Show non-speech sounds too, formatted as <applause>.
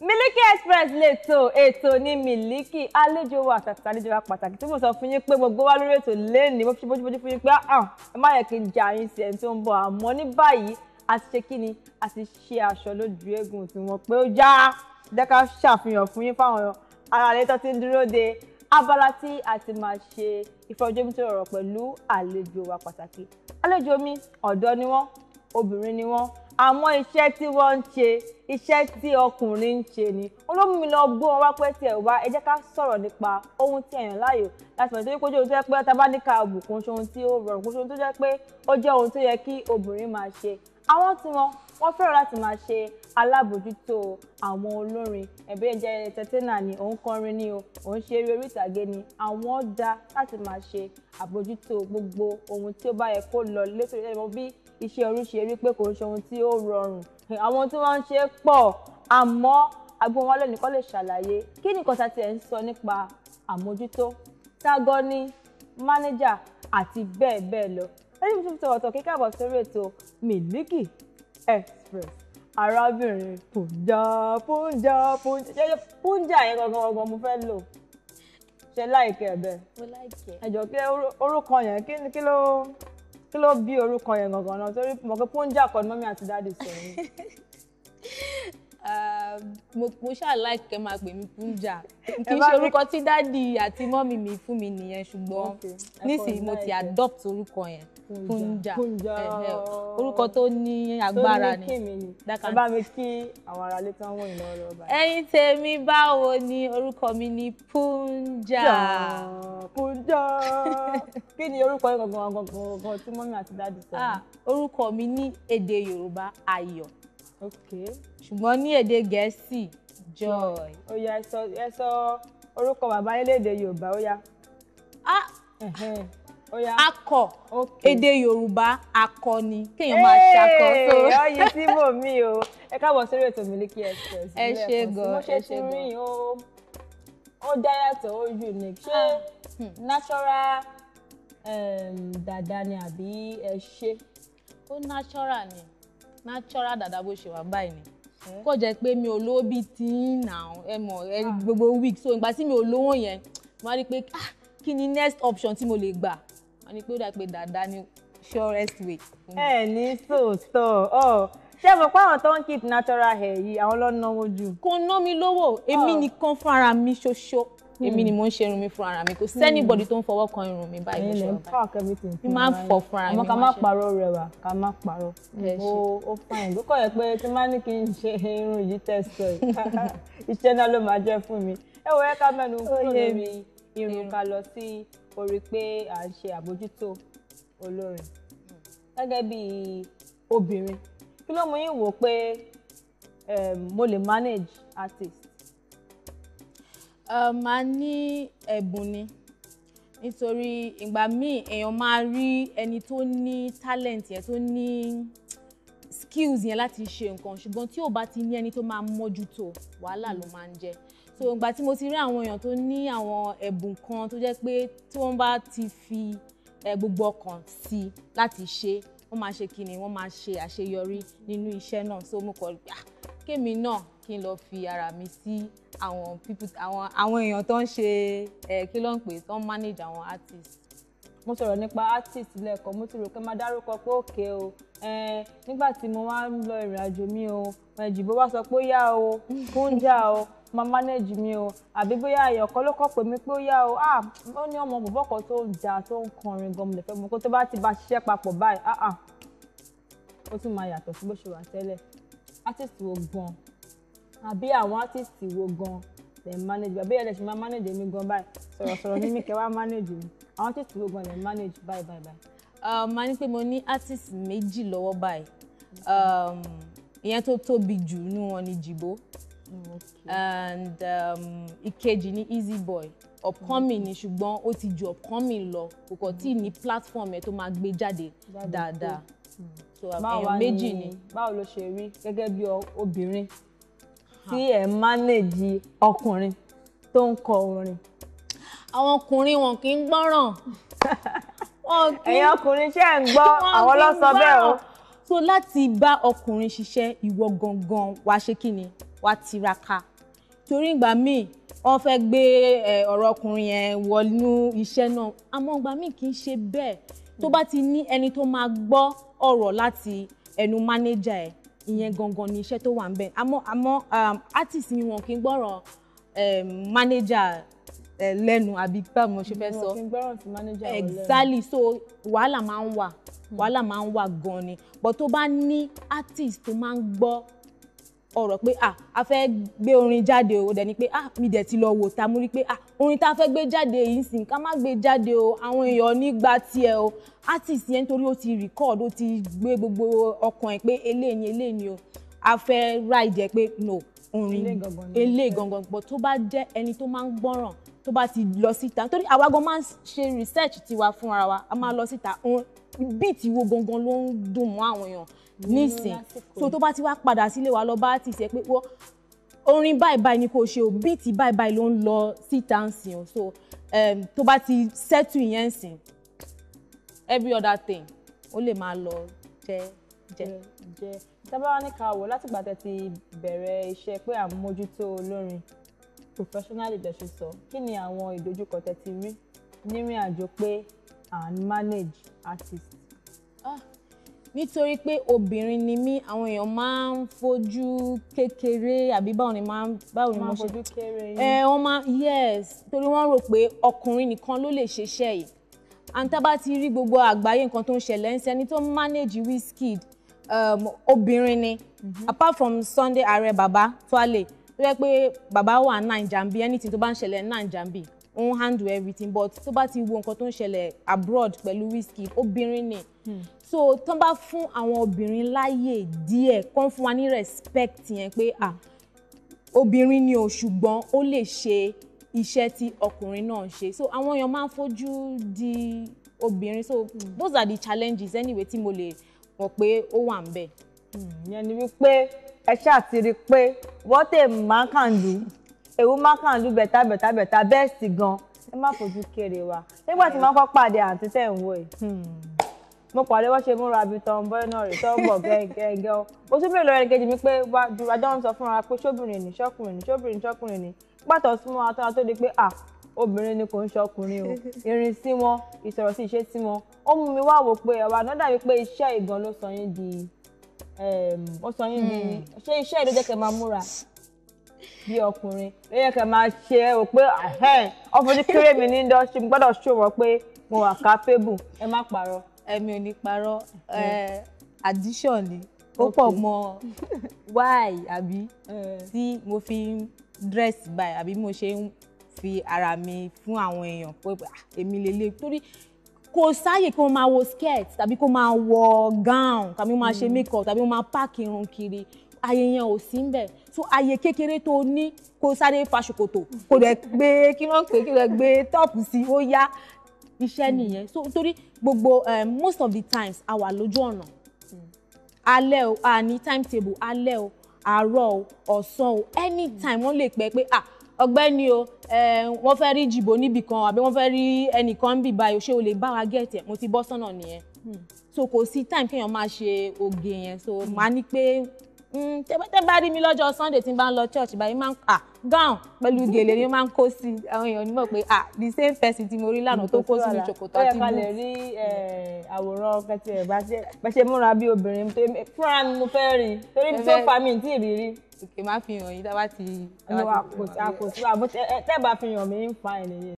Miliki Express lètò ètò ní Miliki àlejò wa àtàtà àlejò wa pàtàkì tí mo sọ fún yín pé gbogbo wa lórí ètò lẹ́ẹ̀ni mo fi ṣe bójúbójú fún yín pé ah, ẹ má yẹ kí n jà yín sí ẹni tó ń bọ̀ àmọ́ ní báyìí a ti ṣe kíni a ti ṣe aṣọ lójú eégún tí wọ́n pé ó já jẹ́ ṣàfihàn fún yín fáwọn ará ilé tó ń dúró de abala tí a ti máa ṣe ìfọ̀rọ̀jomitoro ọ̀rọ̀ pẹ̀lú àlejò wa pàtàkì àlejò mi ọ̀dọ́ ni wọ́n obìnrin ni wọ́n àmọ́ iṣẹ́ tí wọ́n ń ṣe iṣẹ́ tí ọkùnrin ń ṣe ni olómìnira lọ gbó wọn wá pẹ́ tiẹ̀ wá ẹ jẹ́ ká sọ̀rọ̀ nípa ohun tí èèyàn láàyò láti mọ̀ nítorí kójú ohun tó jẹ́ pé ọ̀tá bá ní ká àbùkún ṣe ohun tí ó rọrùn kó ṣe ohun tó jẹ́ pé ó jẹ́ ohun tó yẹ kí obìnrin máa ṣe àwọn tí wọn wọ́n fẹ́ràn láti máa ṣe alábòójútó àwọn olórin ẹ̀bí ẹ̀jẹ̀ ẹ̀tẹ̀tẹ̀nà ni òun kọrin ni o òun ṣe eré orí ni àwọn dá láti máa ṣe àbójútó gbogbo ohun tí ó bá yẹ kó lọ létò ìjọba bí iṣẹ́ orí ṣe rí pé kò ń ṣe ohun tí ó rọrùn àwọn tí wọ́n ń ṣe pọ̀ àmọ́ agbóhùn wọn lónìí lè ṣàlàyé kí nìkan tá tiẹ̀ ń sọ nípa àmójútó tágọ́ ní mánéjà àti bẹ́ẹ̀ bẹ́ẹ̀ lọ lẹ́yìn tí mo fi tọ̀wọ̀tọ̀ kíkà bọ̀ sórí ètò Miliki Express arábìnrin punja punja punja punja yẹn gangan gangan mo fẹ́ lò ṣe láìkẹ́ ẹ̀ bẹ́ẹ̀. mo láìkẹ́. ẹ̀jọ̀ kí orúkọ yẹn kí ló kí ló bí orúkọ yẹn gangan náà torí mo pé punja kọ́ ni mọ́mí àti dáàdì sọ yẹn. <laughs> mo ṣáà láìpẹ́ kẹ́ máa pè mí Punja kì í ṣe orúkọ tí dáàdi àti mọ́mì mi fún mi nìyẹn ṣùgbọ́n nísìnyí mo ti adopt orúkọ yẹn Punja orúkọ tó ní agbára ni ẹ bá mi kí àwọn aráalé tán wọ̀nyí lọ́wọ́ lọ́wọ́ báyìí. ẹ̀yin tèmi báwo ni orúkọ mi ni Punja. Punja <laughs> kí ni orúkọ yẹn gangan gangan tí mọ́mì àti dáàdi sọ. Ah, orúkọ mi ní èdè Yorùbá Ayọ̀ ṣùgbọ́n ní èdè gẹ̀ẹ́sì joy. ó yá ẹ sọ ẹ sọ orúkọ bàbá lédè yorùbá ó yá. a akọ èdè yorùbá akọ ni kéèyàn máa ṣakọ tó. ọyẹ tí mò ń mí o ẹ káàbọ̀ sórí ètò Miliki Express. ẹ ṣe gan ẹ ṣe gan ó dá yàtọ̀ ó unique ṣé ah, hmm. natural um, dada ni àbí ẹ ṣe. ó natural ni natural dada bó ṣe wà báyìí ni hmm. kò jẹ́ pé mi ò lówó bíi ti ń nà ẹ mọ̀ ẹ ah. gbogbo week so ìgbà tí mi ò lówó yẹn mo rí i pé ah, kí ni next option tí mo lè gbà mo rí i pé ó dà pé dada ni surest way. ẹ ní sòótọ́ ọ ṣé mo pa àwọn tó ń keep natural hair yìí àwọn lọ́nà owó jù. kò ná mi lówó èmi nìkan fara mi ṣoṣo èmi ni mo hmm. ń ṣe irun mi fúnra mi kò sẹ́nìbọ̀dì hmm. tó ń fọwọ́ kan irun mi báyìí lọ́sọ̀rọ̀ báyìí. park everything fún mi máa ń fọ fúnra mi. àmọ́ ká má parọ́ rẹwà ká má parọ́ ó fine ló kọ̀ yẹ pé tí má ní kí n ṣe irun yìí tẹ̀sítọ̀ <laughs> iṣẹ́ náà ló máa jẹ́ fún mi. ẹ wọ ẹ ká mẹ́nu kúrò lórí irun ká lọ sí orí pé à ń ṣe àbójútó olórin gẹ́gẹ́ bí obìnrin kí ló mú yín wò pé eh, mo lè manage artist máa ní ẹ̀bùn ni nítorí ìgbà míì èèyàn máa rí ẹni tó ní talent yẹn tó ní skills yẹn láti ṣe nǹkan ṣùgbọ́n tí ò bá ti ní ẹni tó máa mójútó wàhálà ló máa ń jẹ́ so ìgbà tí mo ti rí àwọn èèyàn tó ní àwọn ẹ̀bùn kan tó jẹ́ pé tí wọ́n bá ti fi gbogbo ọkàn sí láti ṣe wọ́n máa ṣe kí ni wọ́n máa ṣe àṣeyọrí nínú iṣẹ́ náà so mo kọ̀ gbà ah, kémi náà kí n lọ fi ara mi sí àwọn àwọn àwọn èèyàn tó ń ṣe ẹ kí ló ń pè tó ń manage àwọn artist mo sọ̀rọ̀ nípa artist lẹ́ẹ̀kan mo ti rò pé máa dárúkọ pé òkè o nígbà tí mo wá ń lọ ìrìn àjò mi o jìbó wá sọ pé ó yá o kúnjà o máa manage mi o àbí bóyá èèyàn kan ló kọ́ pè mí pé ó yá o ah ó ní ọmọ bọ̀bọ̀ kan tó ń jà tó ń kọrin gan mo lè fẹ́ kó tó bá ti ba ṣiṣẹ́ papọ̀ báyìí ah ah ó tún máa yàtọ̀ sí bó ṣe wà tẹ́lẹ̀ artist wo gan àbí àwọn artist wo gan lè manage bàbá yẹn lè ṣe máa manage mi gan báyìí sọ̀rọ̀sọ̀rọ̀ ní mi kẹ́ wá manage mi àwọn artist wo gan lè manage báyìí báyìí báyìí. máa ní pé mo ní artist méjì lọ́wọ́ báyìí um, ìyẹn tó tóbi jù nínú wọn ni Jibo and um, ìkejì ni Easy Boy upcoming ni mm-hmm. ṣùgbọ́n ó ti ju upcoming lọ kò kàn tí ì ní platform ẹ̀ tó máa gbé jáde dáadáa. Um, báwo méjì ni báwo ló ṣe rí gẹ́gẹ́ bí obìnrin tí ẹ̀ mánéjì ọkùnrin tó ń kọ orin. àwọn ọkùnrin wọn kì í gbọ́ràn. ẹ̀yin ọkùnrin ṣe ń gbọ́ àwọn ló sọ bẹ́ẹ̀ o. so láti bá ọkùnrin ṣiṣẹ́ ìwọ gangan wá ṣe kí ni wá tiraka torí ìgbà míì wọ́n fẹ́ gbé ọ̀rọ̀ ọkùnrin yẹn wọnú iṣẹ́ náà àmọ́ ìgbà míì kì í ṣe bẹ́ẹ̀ tó bá ti ní ẹni tó máa gbọ́ ọ̀rọ̀ láti ẹnu mánéjà ẹ̀ ìyẹn gangan ni iṣẹ́ tó wà ń bẹ̀ àmọ́ àmọ́ um, artist ni wọn kì í gbọ́rọ̀ um, mánéjà eh, lẹ́nu àbí báwo ṣe fẹ́ sọ exactly so wàhálà máa ń wà hmm. wàhálà máa ń wà gan ni but tó bá ní artist tó máa ń gbọ́ ọ̀rọ̀ pé à a fẹ́ gbé orin jáde o dẹ̀ ni pé à mi dẹ̀ ti lọ wò ta mo rí pé à orin tá a fẹ́ gbé jáde yìí sìn ká má gbé jáde o àwọn èèyàn nígbà tiẹ̀ o artist yẹn nítorí ó ti record ó ti gbé gbogbo ọkàn ẹ̀ pé eléyìí ni eléyìí o a fẹ́ ráìdẹ̀ pé no orin eléyìí gangan gbọ́ tó bá jẹ́ ẹni tó máa ń gbọ́ràn tó bá ti lọ síta nítorí àwa gan máa ń ṣe research tiwa fúnra wa a máa lọ síta Beat wo gangan ló ń dùn mọ́ àwọn èèyàn nísìn so to bá ti wá padà sílé wa lọ bá ti ṣe pé wọ́n orin báyìí báyìí ni kò ṣe o bíìtì báyìí báyìí ló ń lọ síta o so um, tó bá ti settle yẹn ń every other thing ó lè máa lọ jẹ jẹ. jẹ tábàrà ní ká wò látìgbà tẹ́ ti bẹ̀rẹ̀ iṣẹ́ pé à ń mójútó olórin professionally bẹ̀ ṣe sọ kí ni àwọn ìdojúkọ tẹ́ ti rí nírìn àjò pé and manage artist. Ah, nítorí pé obìnrin ni mí àwọn èèyàn máa ń fojú kékeré àbí báwo ni máa ń báwo ni mo ṣe fojú kéré yín. ẹ eh, wọn máa yes torí wọn rò pé ọkùnrin nìkan ló lè ṣeṣẹ́ yìí àǹtá bá ti rí gbogbo àgbáyé nǹkan tó ń ṣẹlẹ̀ ń sẹ́ni tó ń manage Wizkid um, obìnrin ni mm -hmm. apart from Sunday Ààrẹ bàbá Tuale tó yẹ pé bàbá wà náà jàǹbí anything tó bá ń ṣẹlẹ̀ náà jàǹbí òun handle everything but tó bá ti wo nǹkan tó ń ṣẹlẹ̀ abroad pẹ̀lú Wizkid obìnrin ni hmm. so tó bá fún àwọn obìnrin láàyè díẹ̀ kó ń fún wa ní respect yẹn pé ah obìnrin ni o ṣùgbọ́n ó lè ṣe iṣẹ́ tí ọkùnrin náà ṣe so àwọn èèyàn máa ń fojú di obìnrin so hmm. those are the challenges anyway tí mo lè mọ̀ pé ó wà ń bẹ̀. Hmm, ìyẹn ni wípé ẹ ṣáà ti rí i pé what a man can do èwo má kàn lù bẹ̀tà bẹ̀tà bẹ̀tà bẹ́ẹ̀ sì gan ẹ má fojú kéré wa nígbà tí máa kọ́ pàdé àǹtí tẹ̀ ń wò ẹ̀ hmm. mo pàdé wọ́n ṣe múra bíi tọ́ ń bọ́ náà rè tọ́ ń bọ̀ gẹ́gẹ́ o mo tún bèèrè lọ́rẹ́ kejì mi pé àjọ ń sọ fúnra pé ṣóbìnrin ni ṣọ́kùnrin ni ṣóbìnrin ni ṣọ́kùnrin ni pàtó súnmọ́ atọ́ra tó di pé à obìnrin ni kò ń ṣọkùnrin o irin sí wọn ìsọ̀rọ̀ sí ìṣe sí wọn ó mú mi wá wò pé ẹ̀wà náà dàbí pé iṣẹ́ ìgan ló sọ yín di ehm, ó sọ yín di hmm. ṣé iṣẹ́ ìlú jẹ́ kẹ́ máa múra bí ọkùnrin ló yẹ kẹ́ máa ṣe é o pé ọkùnrin kéré mi ní indọ́sítì mo gbọ́dọ̀ ṣòwò pé mo wà capable ẹ má parọ́. èmi ò ní parọ́ addition ni ó pọ̀ mọ́ <laughs> why àbí tí mo fi ń dress by àbí mo ṣe ń fi ara mi fún àwọn èèyàn pé ah, èmi lè lè torí kò sáàyè kí wọ́n máa wọ skirt tàbí kó máa wọ gown tàbí wọ́n máa ṣe hmm. make up tàbí wọ́n máa pack irun kiri àyè yẹn ò sí ń so àyè kékeré tó ní kó sáré fa kó rẹ̀ gbé kí wọ́n pè kí rẹ̀ gbé tọ́ọ̀pù sí ó yá iṣẹ́ nìyẹn so torí gbogbo eh, most of the times a wà lójú ọ̀nà alẹ́ o a ní timetable alẹ́ o àárọ̀ o ọ̀sán o anytime wọ́n lè pẹ́ pé ah ọ̀gbẹ́ni o eh, wọ́n fẹ́ rí jìbò níbì kan àbí wọ́n fẹ́ rí ẹnìkan ń bì báyìí o ṣé o lè bá wa gẹ̀ẹ́tì mo ti bọ́ sọ́nà nìyẹn hmm. so kò sí time kéèyàn máa ṣe oge yẹn so màá ní pé Mm, tẹ́ bá rí mi lọ́jọ́ sunday tí n bá ń lọ church báyìí máa ń à gown pẹ̀lú gèlè ni ó máa ń kó sí àwọn èèyàn onímọ̀ pé à the same person tí mo rí lánàá tó kó sí mi ṣòkòtò àti bú. ó yẹ ká lè rí àwòrán kẹtì ẹ̀ bá ṣe múra bí obìnrin fúnra mi mo fẹ́ rí torí tó fa mi tí ì rí rí òkè má fi hàn yín tá bá ti. àpò àpò tí wàá bó tẹ́ bá fi hàn mí ń fa ẹ̀nìyẹn.